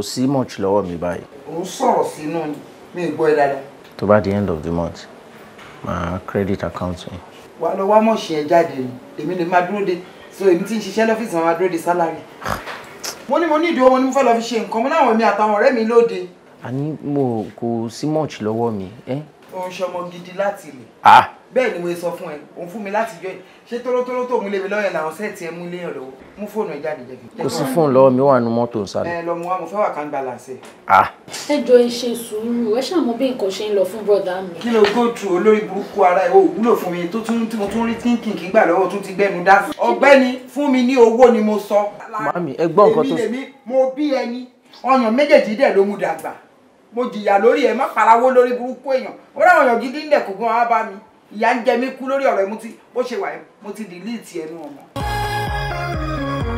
kò sí much lọ́wọ́ mi báyìí. ò ń sọ̀rọ̀ sínú mi gbọ́ ẹ dáadáa. tó bá di end of the month my credit account mi. wà á lọ wá mọ̀ọ́sì yẹn jáde ni èmi lè máa dúró de so èmi tí ń ṣiṣẹ́ lọ́fíìsì máa dúró de sálárì. mo ní mo ní ìdíwọ́ mo ní mo fẹ́ lọ fi ṣe nǹkan mo láwọn èmi àtàwọn ọ̀rẹ́ mi lóde. àní mo kò sí much lọ́wọ́ mi ẹ́ òun ṣọmọ gidi láti ilẹ̀. Ah. bẹ́ẹ̀ ni mo sọ fún ẹ òun fún mi láti jọ ẹ ṣé tórótóró tó mú lébi lọ́yẹ̀ làwọn sẹ́ẹ̀tì ẹ mú léyàn lọ́wọ́ mú fóònù ẹ jáde jẹ́ kò sí fóònù lọ́wọ́ mi wà nù mọ́tò ń sálẹ̀. ẹ lọ mu wa mo fẹ́ wà kán balance. ẹ ah. jọ ẹ ṣe sùúrù ẹ ṣàmọ bí nǹkan ṣe ń lọ fún bọ́dà mi. kí ló go tu olórí burúkú ara ẹ ò wúlò fún mi tó tún tí mo tún rí kínkìn kí gbà lọ́wọ́ tún ti gbẹ́nu dá. ọ̀gbẹ́ni fún mi ní owó ni mo sọ. màmí ẹ gbọ́ nǹkan tó. èmi mo jìyà lórí ẹ̀ má farawó lórí burúkú èèyàn ó ráwọn èèyàn gidi ńlẹ̀ kó gbọ́n wá bá mi ìyá ń jẹ mí kú lórí ọ̀rọ̀ ẹ̀ mo ti bó ṣe wà mo ti dìlíìtì ẹnu ọ̀mọ́.